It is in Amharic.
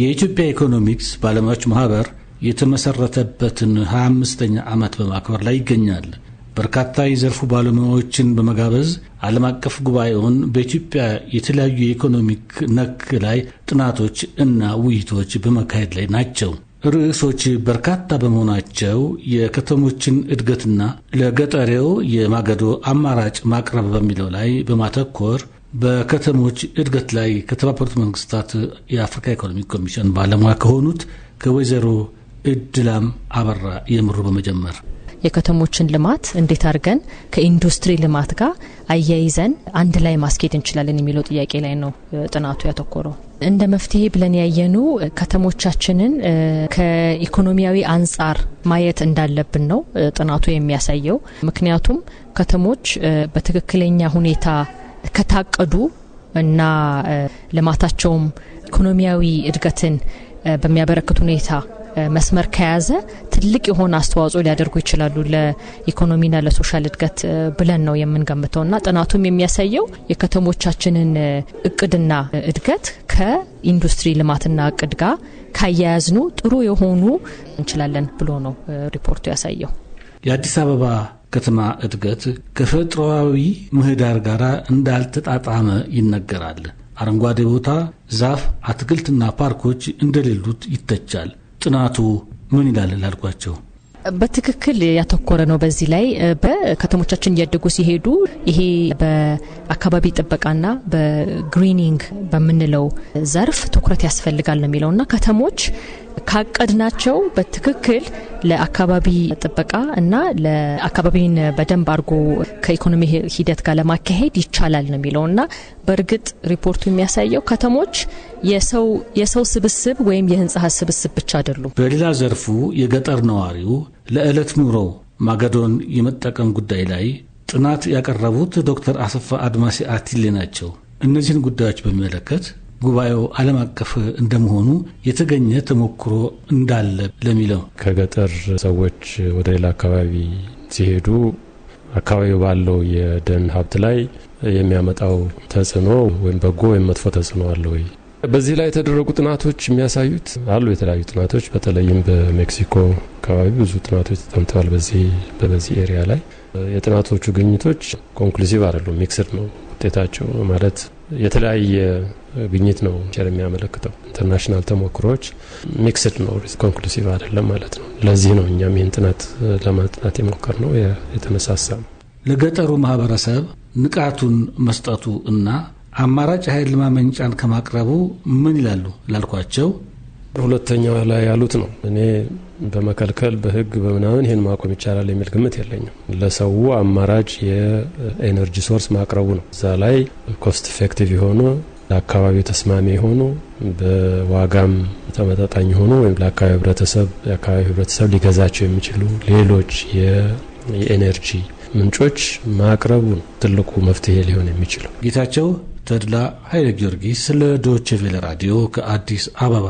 የኢትዮጵያ ኢኮኖሚክስ ባለሙያዎች ማህበር የተመሰረተበትን 25ኛ ዓመት በማክበር ላይ ይገኛል። በርካታ የዘርፉ ባለሙያዎችን በመጋበዝ ዓለም አቀፍ ጉባኤውን በኢትዮጵያ የተለያዩ የኢኮኖሚክ ነክ ላይ ጥናቶች እና ውይይቶች በመካሄድ ላይ ናቸው። ርዕሶች በርካታ በመሆናቸው የከተሞችን እድገትና ለገጠሬው የማገዶ አማራጭ ማቅረብ በሚለው ላይ በማተኮር በከተሞች እድገት ላይ ከተባበሩት መንግስታት የአፍሪካ ኢኮኖሚ ኮሚሽን ባለሙያ ከሆኑት ከወይዘሮ እድላም አበራ የምሩ በመጀመር የከተሞችን ልማት እንዴት አድርገን ከኢንዱስትሪ ልማት ጋር አያይዘን አንድ ላይ ማስኬድ እንችላለን የሚለው ጥያቄ ላይ ነው ጥናቱ ያተኮረው። እንደ መፍትሄ ብለን ያየኑ ከተሞቻችንን ከኢኮኖሚያዊ አንጻር ማየት እንዳለብን ነው ጥናቱ የሚያሳየው። ምክንያቱም ከተሞች በትክክለኛ ሁኔታ ከታቀዱ እና ልማታቸውም ኢኮኖሚያዊ እድገትን በሚያበረክት ሁኔታ መስመር ከያዘ ትልቅ የሆነ አስተዋጽኦ ሊያደርጉ ይችላሉ ለኢኮኖሚና ለሶሻል እድገት ብለን ነው የምንገምተው እና ጥናቱም የሚያሳየው የከተሞቻችንን እቅድና እድገት ከኢንዱስትሪ ልማትና እቅድ ጋር ካያያዝኑ ጥሩ የሆኑ እንችላለን ብሎ ነው ሪፖርቱ ያሳየው። የአዲስ አበባ ከተማ እድገት ከፈጥሮዊ ምህዳር ጋር እንዳልተጣጣመ ይነገራል። አረንጓዴ ቦታ፣ ዛፍ፣ አትክልትና ፓርኮች እንደሌሉት ይተቻል። ጥናቱ ምን ይላል ላልኳቸው በትክክል ያተኮረ ነው። በዚህ ላይ በከተሞቻችን እያደጉ ሲሄዱ ይሄ በአካባቢ ጥበቃና በግሪኒንግ በምንለው ዘርፍ ትኩረት ያስፈልጋል ነው የሚለው እና ከተሞች ካቀድናቸው በትክክል ለአካባቢ ጥበቃ እና ለአካባቢን በደንብ አድርጎ ከኢኮኖሚ ሂደት ጋር ለማካሄድ ይቻላል ነው የሚለው እና በእርግጥ ሪፖርቱ የሚያሳየው ከተሞች የሰው ስብስብ ወይም የህንፃ ስብስብ ብቻ አይደሉም። በሌላ ዘርፉ የገጠር ነዋሪው ለዕለት ኑሮ ማገዶን የመጠቀም ጉዳይ ላይ ጥናት ያቀረቡት ዶክተር አሰፋ አድማሴ አቲሌ ናቸው። እነዚህን ጉዳዮች በሚመለከት ጉባኤው ዓለም አቀፍ እንደመሆኑ የተገኘ ተሞክሮ እንዳለ ለሚለው ከገጠር ሰዎች ወደ ሌላ አካባቢ ሲሄዱ አካባቢው ባለው የደን ሀብት ላይ የሚያመጣው ተጽዕኖ ወይም በጎ ወይም መጥፎ ተጽዕኖ አለ ወይ? በዚህ ላይ የተደረጉ ጥናቶች የሚያሳዩት አሉ። የተለያዩ ጥናቶች በተለይም በሜክሲኮ አካባቢ ብዙ ጥናቶች ተጠምተዋል። በዚህ በዚህ ኤሪያ ላይ የጥናቶቹ ግኝቶች ኮንክሉሲቭ አይደሉም፣ ሚክስድ ነው። ውጤታቸው ማለት የተለያየ ግኝት ነው ቸር የሚያመለክተው። ኢንተርናሽናል ተሞክሮች ሚክስድ ነው፣ ኮንክሉሲቭ አይደለም ማለት ነው። ለዚህ ነው እኛም ይህን ጥናት ለማጥናት የሞከር ነው የተነሳሳ ነው። ለገጠሩ ማህበረሰብ ንቃቱን መስጠቱ እና አማራጭ ኃይል ማመንጫን ከማቅረቡ ምን ይላሉ ላልኳቸው በሁለተኛው ላይ ያሉት ነው። እኔ በመከልከል በህግ በምናምን ይህን ማቆም ይቻላል የሚል ግምት የለኝም። ለሰው አማራጭ የኤነርጂ ሶርስ ማቅረቡ ነው። እዛ ላይ ኮስት ኢፌክቲቭ የሆኑ ለአካባቢው ተስማሚ የሆኑ በዋጋም ተመጣጣኝ የሆኑ ወይም ለአካባቢ ህብረተሰብ የአካባቢ ህብረተሰብ ሊገዛቸው የሚችሉ ሌሎች የኤነርጂ ምንጮች ማቅረቡ ነው ትልቁ መፍትሄ ሊሆን የሚችለው። ጌታቸው ተድላ ኃይለ ጊዮርጊስ ለዶችቬለ ራዲዮ ከአዲስ አበባ